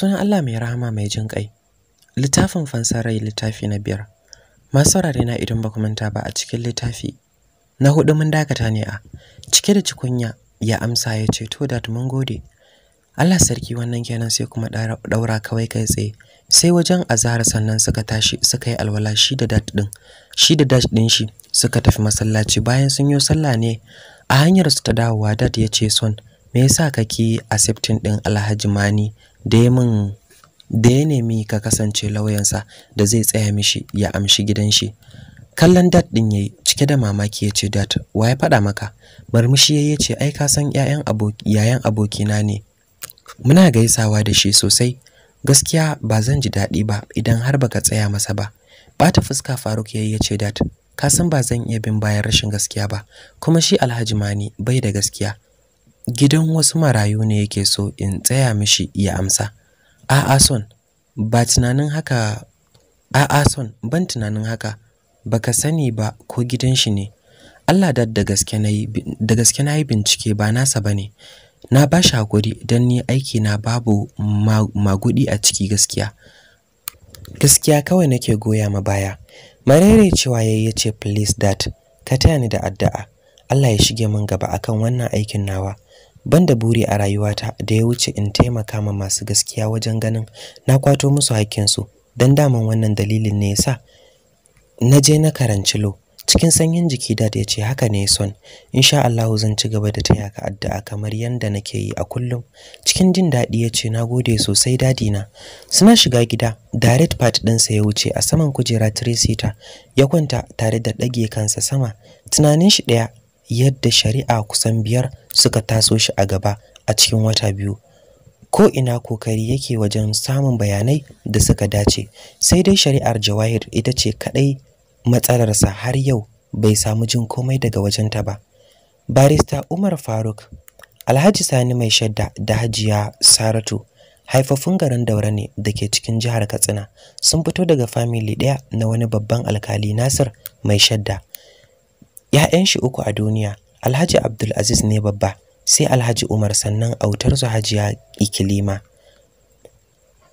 sunan Allah mai rahama mai jin ƙai. Littafin fansar rai littafi na biyar. Masu saurare na idan ba ku manta ba a cikin littafi na hudu mun dakata ne a cike da cikunya ya amsa ya ce to da mun gode. Allah sarki wannan kenan sai kuma daura kawai kai tsaye sai wajen azhar sannan suka tashi suka yi alwala shi da dat din shi da dash din shi suka tafi masallaci bayan sun yi sallah ne a hanyar su ta dawowa dat ya ce son me yasa kake accepting din Alhaji Mani da ya da ya nemi ka kasance lauyansa da zai tsaya mishi ya amshi gidan shi kallon dat din yayi cike da mamaki yace dat wa ya faɗa maka murmushi ya ce ai ka san yayan aboki yayan abokina ne muna gaisawa da shi sosai gaskiya ba zan ji daɗi ba idan har baka tsaya masa ba bata fuska Faruk ya ce dat ka san ba zan iya bin bayan rashin gaskiya ba kuma shi Alhaji Mani bai da gaskiya gidan wasu marayu ne yake so in tsaya mishi ya amsa a'a son ba tunanin haka a'a son ban tunanin haka baka sani ba ko gidan shi ne Allah da gaske nayi da gaske nayi bincike ba nasa bane na ba shi hakuri dan ni aiki na babu magudi a ciki gaskiya gaskiya kawai nake goya ma baya marere cewa yayi yace please that ka taya ni da addu'a Allah ya shige min gaba akan wannan aikin nawa banda buri a rayuwata da ya wuce in taimaka ma masu gaskiya wajen ganin na kwato musu haƙƙinsu don daman wannan dalilin ne yasa na je na karanci lo cikin sanyin jiki da ya ce haka ne son insha Allahu zan ci gaba da taya ka addu'a kamar yanda nake yi a kullum cikin jin daɗi ya ce na gode sosai dadi na suna shiga gida direct part sa ya wuce a saman kujera tresita ya kwanta tare da ɗage kansa sama tunanin shi ɗaya yadda shari'a kusan biyar suka taso shi a gaba a cikin wata biyu ko ina kokari yake wajen samun bayanai da suka dace sai dai shari'ar jawahir ita ce kadai matsalarsa har yau bai samu jin komai daga wajenta ba barista umar faruk alhaji sani mai shadda da hajiya saratu haifafun garin daura ne da ke cikin jihar katsina sun fito daga famili ɗaya na wani babban alkali nasir mai shadda ‘ya'yan shi uku a duniya Alhaji Abdulaziz ne babba sai Alhaji Umar sannan autar su Hajiya Ikilima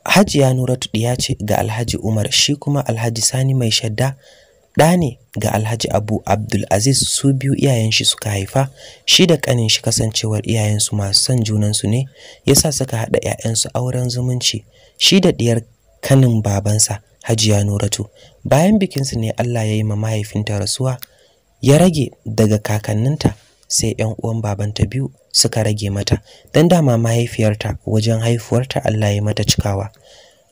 Hajiya Nuratu ɗiya ce ga Alhaji Umar shi kuma Alhaji Sani mai shadda ɗa ne ga Alhaji Abu Abdulaziz su biyu iyayen shi suka haifa shi da kanin shi kasancewar iyayen su masu son junan su ne yasa suka haɗa ƴaƴan su auren zumunci shi da diyar kanin babansa Hajiya Nuratu bayan bikin su ne Allah ya yi ma mahaifinta rasuwa ya rage daga kakanninta sai 'yan uwan babanta biyu suka rage mata don dama mahaifiyarta wajen haifuwarta Allah ya mata cikawa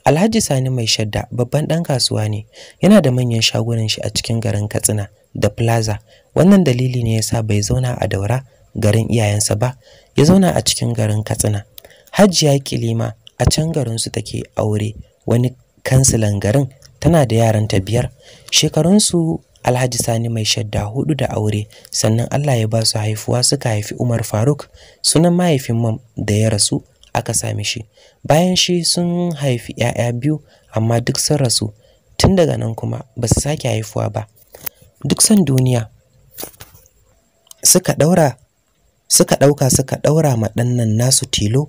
Alhaji Sani mai shadda babban ɗan kasuwa ne yana da manyan shagunan shi a cikin garin Katsina da Plaza wannan dalili ne yasa bai zauna a Daura garin iyayensa ba ya zauna a cikin garin Katsina Hajiya Kilima a can garin su take aure wani kansilan garin tana da yaranta biyar shekarun su. Alhaji Sani mai shadda hudu da aure sannan Allah ya ba su haifuwa suka haifi Umar Faruk sunan mahaifin mam da ya rasu aka sami shi bayan shi sun haifi 'ya'ya biyu amma duk sun rasu tun daga nan kuma ba su sake haifuwa ba duk san duniya suka daura suka dauka suka daura ma ɗannan nasu tilo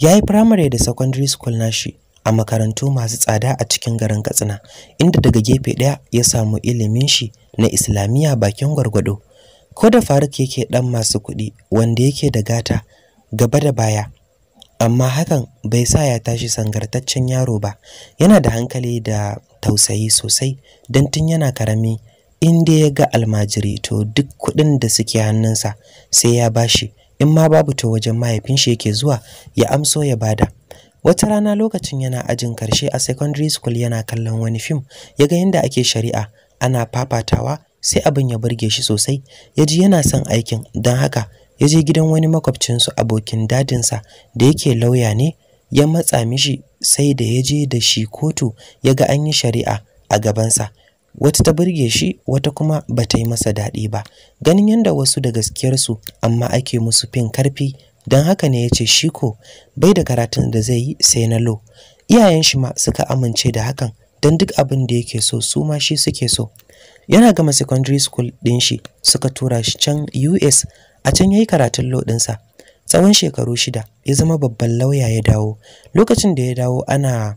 yayi primary da secondary school nashi a makarantu masu tsada a cikin garin Katsina inda daga gefe ɗaya ya samu ilimin shi na Islamiyya bakin gwargwado ko da Faruk yake dan masu kuɗi wanda yake da gata gaba da baya amma hakan bai sa ya tashi sangartaccen yaro ba yana da hankali da tausayi sosai don tun yana karami inda ya ga almajiri to duk kuɗin da suke hannunsa sai ya bashi in ma babu to wajen mahaifin shi yake zuwa ya amso ya bada Wata rana lokacin yana ajin karshe a secondary school yana kallon wani fim, ya ga yadda ake shari'a ana fafatawa sai abin ya burge shi sosai, ya ji yana son aikin don haka ya je gidan wani makwabcinsu abokin dadinsa da yake lauya ne ya matsa mishi sai da ya je da shi kotu ya ga an yi shari'a a gabansa. wata ta burge shi wata kuma ba ta yi masa daɗi ba ganin yadda wasu da gaskiyarsu amma ake musu fin karfi don haka ne ya ce shi ko bai da karatun da zai yi sai na lo iyayen shi ma suka amince da hakan don duk abin da yake so su ma shi suke so yana gama secondary school din shi suka tura shi can US a can yayi karatun lo din sa. tsawon shekaru shida ya zama babban lauya ya dawo lokacin da ya dawo ana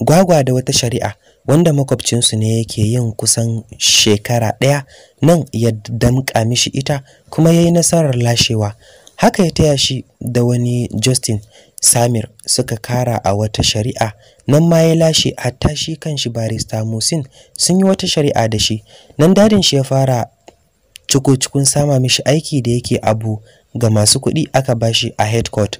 gwagwa da wata shari'a wanda makwabcinsu ne yake yin kusan shekara ɗaya nan ya damƙa mishi ita kuma ya yi nasarar lashewa haka ya taya shi da wani Justin Samir suka kara a wata shari'a nan ma ya lashe hatta shi kanshi barista Musin sun yi wata shari'a da shi nan dadin shi ya fara ciko sama mishi aiki da yake abu ga masu kuɗi aka bashi a head court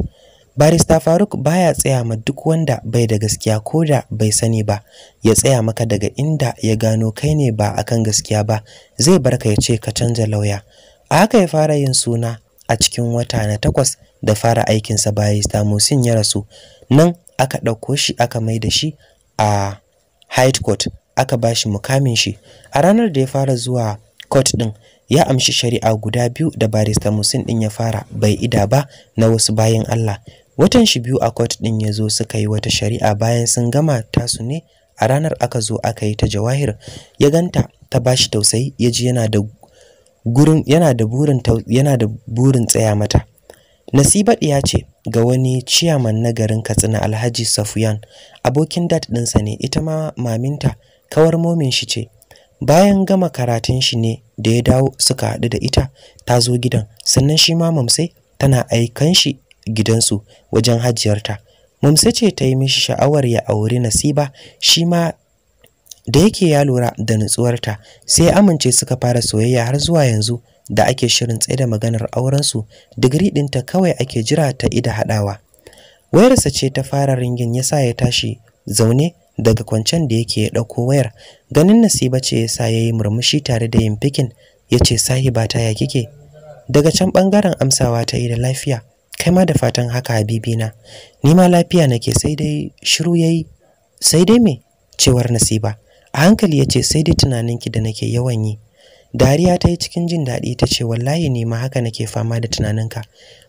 barista Faruk baya tsaya ma duk wanda bai da gaskiya ko da bai sani ba ya tsaya maka daga inda ya gano kai ne ba akan gaskiya ba zai barka ya ce ka canza lauya a haka ya fara yin suna a cikin wata na takwas da fara aikinsa barista Musin ya rasu nan aka ɗauko shi aka mai da shi a High Court aka ba shi mukamin shi a ranar da ya fara zuwa court ɗin ya amshi shari'a guda biyu da barista Musin ɗin ya fara bai ida ba na wasu bayan Allah watan shi biyu a court ɗin ya zo suka yi wata shari'a bayan sun gama tasu ne a ranar aka zo aka yi ta jawahir ya ganta ta bashi tausayi ya ji yana da gurin yana da burin yana da burin tsaya mata Nasiba ya ce ga wani ciyaman na garin Katsina Alhaji safiyan abokin dat ɗinsa ne ita ma maminta kawar momin shi ce bayan gama karatun shi ne da ya dawo suka haɗu da ita ta zo gidan sannan shi ma mamsai tana aikan shi gidansu wajen hajiyarta mamsai ce ta yi mishi sha'awar ya auri nasiba shi ma da yake ya lura da nutsuwarta sai amince suka fara soyayya har zuwa yanzu da ake shirin tsaida maganar aurensu digiri ɗinta kawai ake jira ta ida haɗawa wayarsa ce ta fara ringin yasa ya tashi zaune daga kwancen da yake ya ɗauko wayar ganin nasiba ce yasa ya yi murmushi tare da yin fikin ya ce sahiba ta ya kike daga can bangaren amsawa ta yi da lafiya kai ma da fatan haka na? ni ma lafiya nake sai dai shiru yayi sai dai me cewar nasiba a hankali ya ce sai dai tunaninki da nake yawan yi dariya ta yi cikin jin daɗi ta ce wallahi ne ma haka nake fama da tunaninka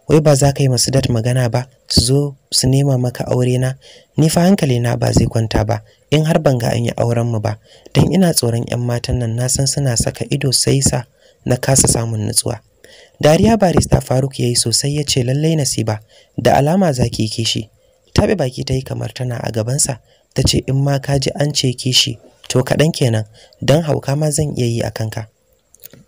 wai ba za ka yi masu dat magana ba su zo su nema maka aure na ni fa hankali na ba zai kwanta ba in har ban ga an yi auren mu ba don ina tsoron yan matan nan na san suna saka ido sai sa na kasa samun nutsuwa dariya barista faruk ya yi sosai ya ce lallai nasiba da alama za ki yi kishi taɓe baki ta yi kamar tana a gabansa ta ce in ma ka ji an ce kishi to kaɗan kenan don hauka ma zan iya yi a kanka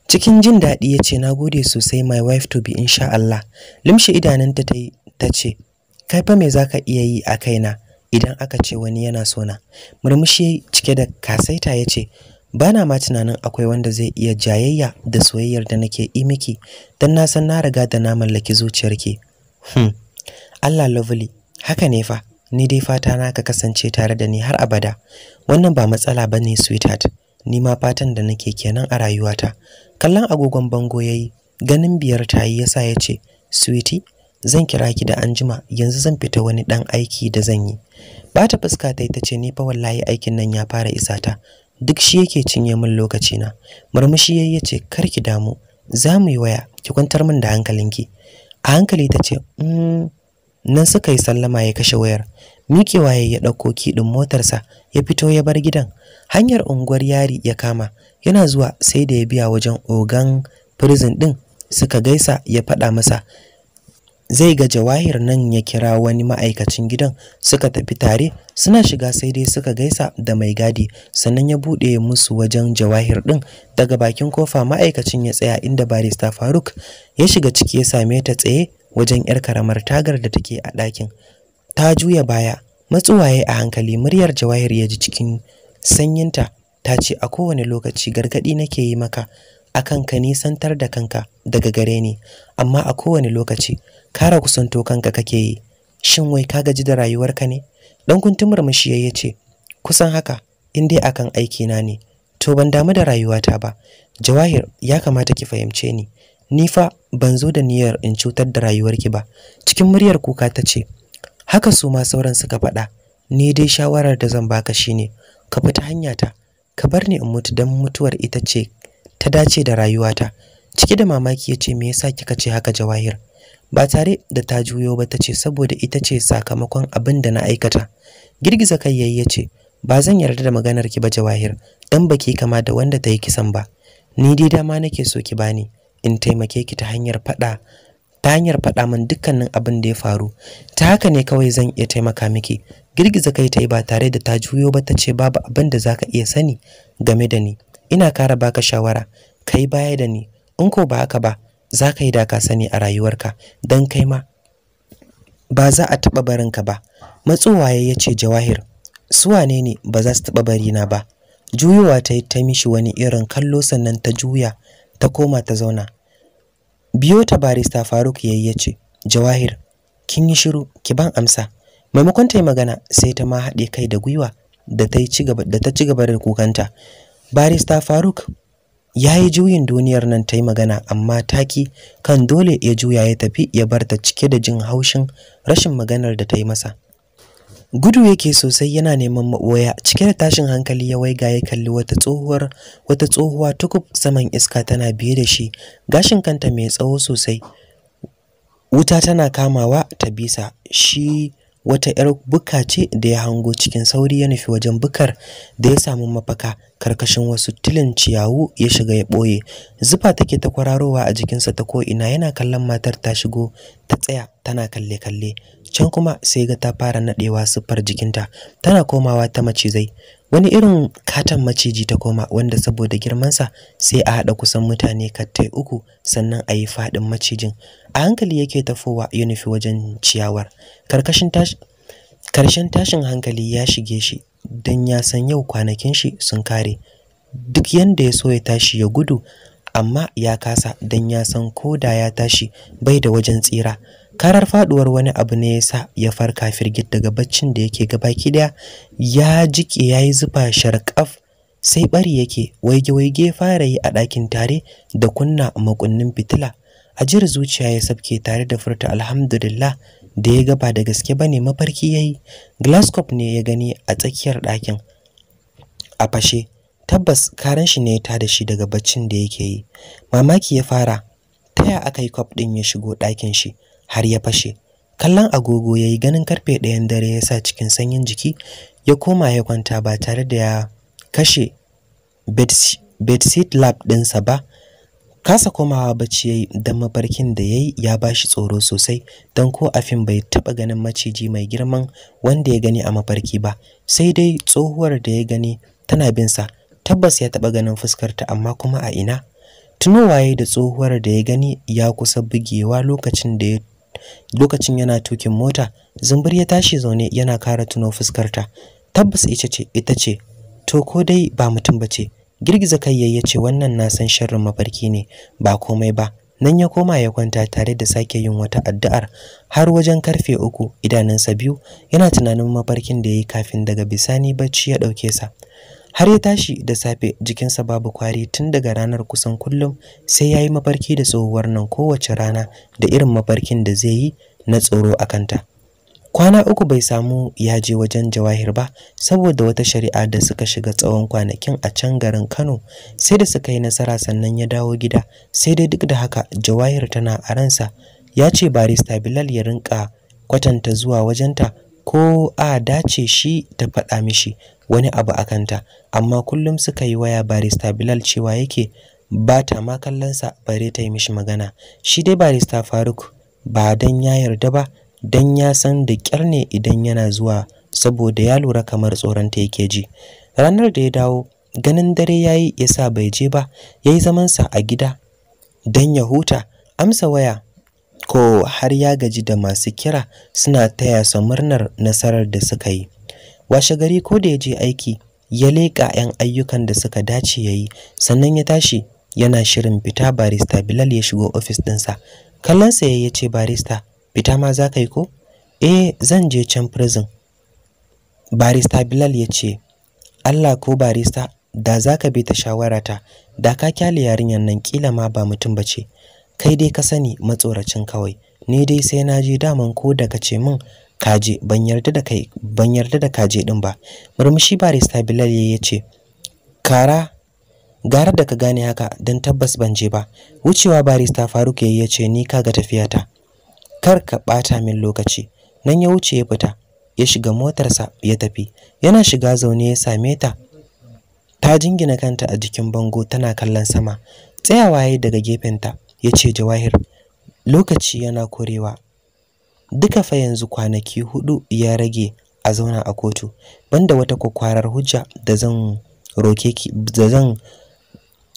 cikin jin daɗi ya ce na gode sosai my wife to be insha Allah limshi idananta ta ce kai fa me za ka iya yi a kaina idan aka ce wani yana sona murmushi cike da kasaita ya ce ba na ma tunanin akwai wanda zai iya jayayya da soyayyar da nake yi miki don na san na riga da na mallaki zuciyarki hmm. Allah lovely haka ne fa ni dai fata na ka kasance tare da ni har abada wannan ba matsala bane sweetheart ni ma fatan da nake kenan a rayuwata kallon agogon bango yayi ganin biyar tayi yasa yace ce sweetie zan kira ki da anjima yanzu zan fita wani dan aiki da zan yi Ba ta fuska ta ce ni fa wallahi aikin nan ya fara isa ta duk shi yake cinye min lokaci na murmushi yayi yace kar ki damu za mu yi waya ki kwantar min da hankalinki a hankali ce, mm nan suka yi sallama ya kashe wayar miƙewa ya ɗauko kiɗin motarsa ya fito ya bar gidan hanyar unguwar yari ya kama yana zuwa sai da ya biya wajen ogan prison ɗin suka gaisa ya faɗa masa zai ga jawahir nan ya kira wani ma'aikacin gidan suka tafi tare suna shiga sai dai suka gaisa da mai gadi sannan ya buɗe musu wajen jawahir ɗin daga bakin kofa ma'aikacin ya tsaya inda barista faruk ya shiga ciki ya same ta tsaye wajen yar karamar tagar da take a ɗakin ta juya baya matsuwaye a hankali muryar jawahir ya ji cikin sanyinta ta ce a kowane lokaci gargaɗi nake yi maka akan ka nisantar da kanka daga gare ni amma a kowane lokaci kara kusanto kanka kake yi shin wai ka gaji da rayuwarka ne dan kuntun murmushi ya ce kusan haka in dai akan aiki na ne to ban damu da rayuwata ba jawahir ya kamata ki fahimce ni ni fa ban zo da niyyar in cutar da rayuwarki ba cikin muryar kuka ta ce haka su ma sauran suka faɗa ni dai shawarar da zan baka shine ka fita ta. ka bar ni in mutu don mutuwar ita ce ta dace da rayuwata ciki da mamaki ya ce me yasa kika ce haka jawahir ba tare da ta juyo ba ta ce saboda ita ce sakamakon abin da na aikata girgiza kai yayi ya ce ba zan yarda da maganar ki ba jawahir dan baki kama da wanda ta yi kisan ba ni dai dama nake so ki bani in taimake ki ta hanyar faɗa ta hanyar faɗa min dukkanin abin da ya faru ta haka ne kawai zan iya taimaka miki girgiza kai ta yi ba tare da ta juyo ba ta ce babu abin da zaka iya sani game da ni ina kara baka shawara kai baya da ni in ko ba haka ba za ka yi da ka sani a rayuwarka don kai ma ba za a taɓa barinka ba matsowaye ya ce jawahir su wane ne ba za su taɓa na ba juyowa ta yi ta mishi wani irin kallo sannan ta juya ta koma ta zauna biyo ta barista Faruk yayi yace Jawahir kin yi shiru ki ban amsa maimakon ta yi magana sai ta ma haɗe kai da gwiwa da ta ci gaba da ta ci gaba da kukanta barista Faruk ya yi juyin duniyar nan ta yi magana amma taki kan dole ya juya ya tafi ya bar ta cike da jin haushin rashin maganar da ta yi masa gudu yake sosai yana neman maboya cike da tashin hankali ya waiga ya kalli wata tsohuwar wata tsohuwa tukub saman iska tana biye da shi gashin kanta mai tsawo sosai wuta tana kamawa ta bisa shi wata 'yar buka ce da ya hango cikin sauri ya nufi wajen bukar da ya samu mafaka karkashin wasu tilin ciyawu ya shiga ya ɓoye zufa take ta kwararowa a jikinsa ta ko'ina yana kallon matar ta shigo ta tsaya tana kalle-kalle can kuma sai ga ta fara nadewa siffar jikinta tana komawa ta macizai wani irin katan maciji ta koma wanda saboda girmansa sai a haɗa kusan mutane katai uku sannan a yi faɗin macijin a hankali yake tafowa yunifi wajen ciyawar karshen tashin hankali ya shige shi don ya san yau kwanakin shi sun kare duk yanda ya so ya tashi ya gudu amma ya kasa don ya san ko da ya tashi bai da wajen tsira karar faduwar wani abu ne yasa ya farka firgit daga baccin da yake gabaki daya ya jike yayi zufa sharqaf sai bari yake waige waige fara yi a ɗakin tare da kunna makunnin fitila ajiyar zuciya ya sabke tare da furta alhamdulillah da ya gaba da gaske bane mafarki yayi glasscop ne ya gani a tsakiyar ɗakin a fashe tabbas karan shi ne ya tada shi daga baccin da yake yi mamaki ya fara taya aka yi kwaf ɗin ya shigo ɗakin shi har ya fashe kallon agogo ya yi ganin karfe ɗayan dare ya sa cikin sanyin jiki ya koma ya kwanta ba tare da ya kashe bedsit lab ɗinsa ba kasa komawa bacci yi don mafarkin da ya yi ya ba shi tsoro sosai don ko a bai taba ganin maciji mai girman wanda ya gani a mafarki ba sai dai tsohuwar da ya gani tana bin sa tabbas ya taɓa ganin fuskarta, amma kuma a ina tunowaye da tsohuwar da ya gani ya kusa bugewa lokacin da ya lokacin yana tukin mota zumbur ya tashi zaune yana kara tuno fuskarta tabbas ita ce ita ce to ko dai ba mutum ba ce. girgiza kai yayyace ce wannan na san sharrin mafarki ne ba komai ba nan ya koma ya kwanta tare da sake yin wata addu'ar har wajen karfe uku idanunsa biyu yana tunanin mafarkin da yayi kafin daga bisani bacci ya dauke sa har ya tashi da safe jikinsa babu kwari tun daga ranar kusan kullum sai ya yi mafarki da tsohuwar nan kowace rana da irin mafarkin da zai yi na tsoro a kanta kwana uku bai samu ya je wajen jawahir ba saboda wata shari'a da suka shiga tsawon kwanakin a can garin kano sai da suka yi nasara sannan ya dawo gida sai dai duk da haka jawahir tana a ransa ya ce barista bilal ya rinka kwatanta zuwa wajenta ko a dace shi ta faɗa mishi wani abu a kanta amma kullum suka yi waya barista Bilal cewa yake ba ta ma sa bare ta yi mishi magana shi dai barista Faruk ba dan ya yarda ba dan ya san da kyar ne idan yana zuwa saboda ya lura kamar tsoron ta yake ji ranar da ya dawo ganin dare yayi yasa bai je ba yayi zamansa a gida dan ya huta amsa waya ko har ya gaji da masu kira suna taya sa murnar nasarar da suka yi washe gari ko da ya je aiki ya leƙa 'yan ayyukan da suka dace ya yi sannan ya tashi yana shirin fita barista bilal ya shigo ofis ɗinsa kallonsa ya ce barista fita ma za ka yi ko eh zan je can prison barista bilal ya ce allah ko barista da za ka bi ta shawarata da ka kyale yarinyar nan kila ma ba mutum ba ce kai dai ka sani matsoracin kawai ni dai sai na je daman ko daga ce min kaje ban yarda da kai ban yarda da kaje din ba murmushi barista Bilal ya ce kara gara da ka gane haka dan tabbas ban je ba wucewa barista Faruk ya ce ni kaga tafiyata kar ka bata min lokaci nan ya wuce ya fita ya shiga motarsa ya tafi yana shiga zaune ya same ta ta jingina kanta a jikin bango tana kallon sama tsayawa yayi daga gefenta ya ce jawahir lokaci yana korewa duka fa yanzu kwanaki hudu ya rage a zauna a kotu banda wata kwakwarar hujja da zan roke ki da zan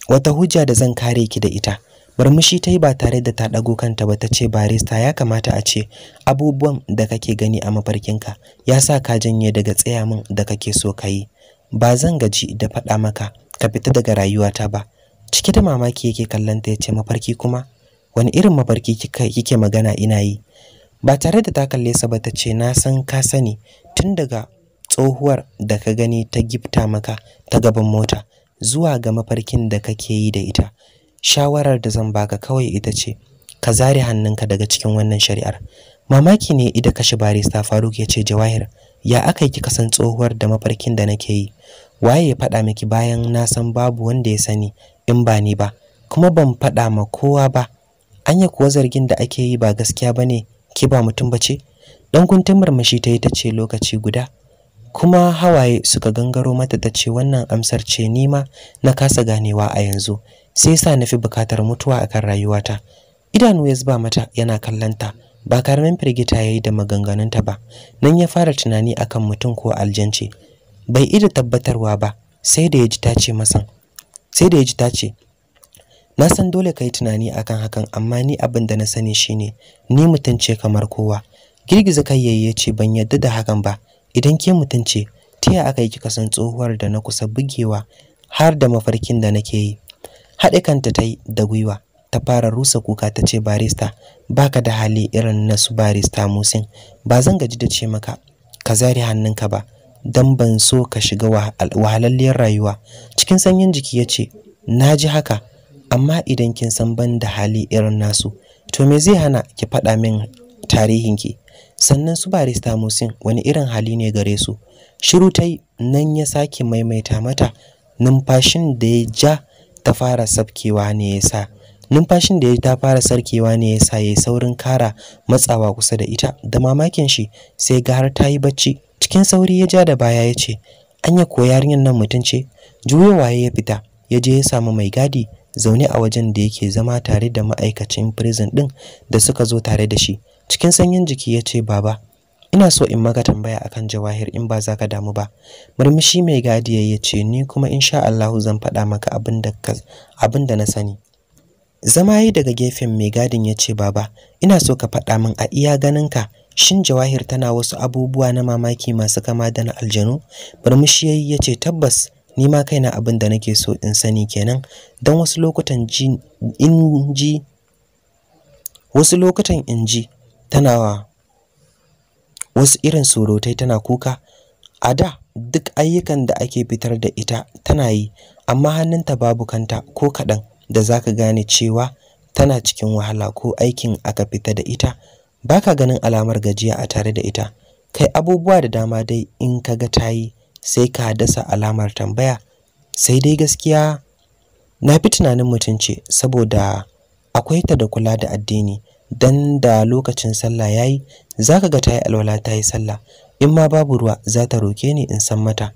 wata hujja da zan kare ki da ita Barmushi ta yi ba tare da ta ɗago kanta ba ta ce barista ya kamata a ce abubuwan da kake gani a mafarkinka ya sa ka janye daga tsaya min da kake so ka yi ba zan gaji da faɗa maka ka fita daga rayuwata ba cike da mamaki yake kallon ya ce mafarki kuma wani irin mafarki kike magana ina yi ba tare da ta kalle sa ba ta ce na san ka sani tun daga tsohuwar da ka gani ta gifta maka ta gaban mota zuwa ga mafarkin da kake yi da ita shawarar da zan baka kawai ita ce ka zare hannunka daga cikin wannan shari'ar mamaki ne ida kashe barista faruk ya ce jawahir ya aka yi kika san tsohuwar da mafarkin da nake yi waye ya faɗa miki bayan na san babu wanda ya sani in ba ni ba kuma ban faɗa ma kowa ba anya kuwa zargin da ake yi ba gaskiya bane ki ba mutum bace dan kuntun murmushi ta yi ta ce lokaci guda kuma hawaye suka gangaro mata ta ce wannan amsar ce nima na kasa ganewa a yanzu sai sa nafi bukatar mutuwa akan rayuwata idanu ya zuba mata yana kallanta ba karamin firgita ya yi da maganganunta ba nan ya fara tunani akan mutum ko aljanci bai ida tabbatarwa ba sai da ya ji ta ce masa sai da ya ji ta ce na san dole ka yi tunani akan hakan amma ni abin da na sani shine ni mutum ce kamar kowa girgiza kai yayi ya ce ban yadda da hakan ba idan ke mutum ce tiya aka yi kika san tsohuwar da na kusa bugewa har da mafarkin da nake yi haɗe kanta ta yi da gwiwa ta fara rusa kuka ta ce barista baka da hali irin na su barista musin ba zan gaji da ce maka ka zare hannunka ba don ban so ka shiga wahalalliyar rayuwa cikin sanyin jiki ya ce na ji haka amma idan kin san ban da hali irin nasu to me zai hana ki faɗa min tarihinki sannan su barista musin wani irin hali ne gare su shiru ta nan ya sake maimaita mata numfashin da ya ja ta fara sabkewa ne ya sa numfashin da ya ta fara sarkewa ne ya sa ya saurin kara matsawa kusa da ita da mamakin shi sai ga har ta yi bacci cikin sauri ya ja da baya ya ce anya ko yarinyar nan mutum ce juyowa ya fita ya je ya samu mai gadi zaune a wajen da yake zama tare da ma'aikacin prison din da suka zo tare da shi cikin sanyin jiki ya ce baba ina so in maka tambaya akan jawahir in ba za ka damu ba murmushi mai gadi ya ce ni kuma insha Allah zan faɗa maka abin da na sani Zama yi daga gefen mai gadin ya ce baba, ina so ka faɗa min a iya ganinka shin jawahir tana wasu abubuwa na mamaki masu kama da na aljanu? Murmushi yayi ya ce tabbas ni ma kaina abin da nake so in sani kenan don wasu lokutan in ji wasu lokutan in ji tana wasu irin surutai tana kuka a da duk ayyukan da ake fitar da ita tana yi amma hannunta babu kanta ko kaɗan da za ka gane cewa tana cikin wahala ko aikin aka fita da ita baka ganin alamar gajiya a tare da ita kai abubuwa da dama dai in ka ta tayi sai ka dasa alamar tambaya sai dai gaskiya na fi tunanin mutum ce saboda akwai ta da kula da addini dan da lokacin sallah ya yi. Za ka ga tayi alwala ta yi sallah in ma babu ruwa za ta roke ni in san mata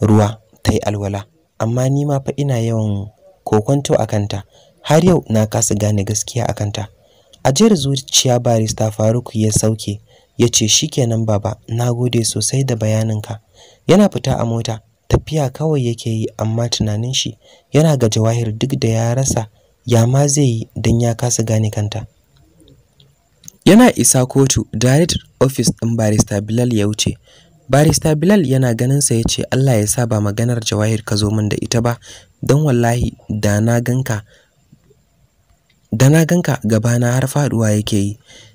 ruwa ta yi alwala amma ni ma fa ina yawan kokonto a kanta har yau na kasa gane gaskiya a kanta ajiyar zuciya barista faruk ya sauke ya ce shi shikenan baba na gode sosai da bayaninka yana fita a mota tafiya kawai yake yi amma tunanin shi yana ga jawahir duk da ya rasa ya ma zai yi don ya kasa gane kanta yana isa kotu direct office ɗin barista bilal ya wuce barista bilal yana ganin sa ce allah ya sa ba maganar jawahir ka zo min da ita ba don wallahi da na ganka da na ganka gabana har faduwa yake yi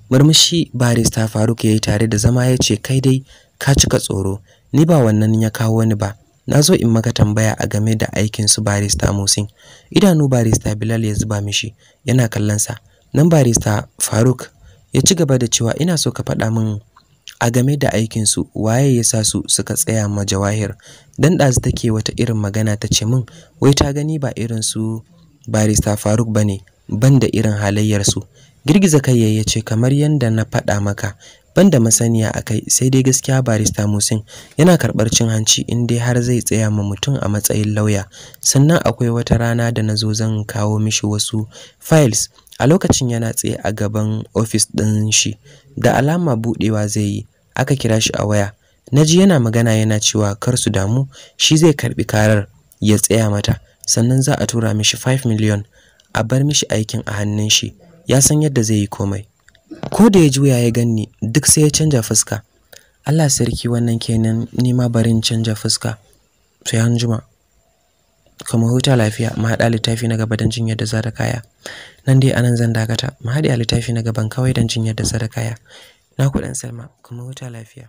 murmushi barista faruk yayi tare da zama ya ce kai dai ka cika tsoro ni ba wannan ya kawo wani ba na zo in maka tambaya a game da aikin su barista musin idanu barista bilal ya zuba mishi yana kallon sa, nan barista faruk ya ci gaba da cewa ina so ka faɗa min a game da aikinsu waye ya sa su suka tsaya ma jawahir dan ɗazu take wata irin magana ta ce min wai ta gani ba irin su barista faruk ba ne ban da irin halayyarsu girgiza kai ya ce kamar yadda na faɗa maka Banda masaniya a kai sai dai gaskiya barista musin yana karɓar cin hanci in dai har zai tsaya ma mutum a matsayin lauya sannan akwai wata rana da na zo zan kawo mishi wasu files a lokacin yana tsaye a gaban ofis ɗin shi da alama buɗewa zai yi aka kira shi a waya naji yana magana yana cewa kar su damu shi zai karbi karar ya tsaya mata sannan za a tura mishi 5 million a bar mishi aikin a hannun shi ya san yadda zai yi komai ko da ya juya ya ganni duk sai ya canja fuska Allah sarki wannan kenan ni ma barin canja fuska sai an juma kuma huta lafiya mu haɗa littafi na gaba don jin yadda za kaya nan dai anan zan dakata mu hada littafi na gaban kawai don jin da za kaya Na kuɗin Salma, kuma huta lafiya.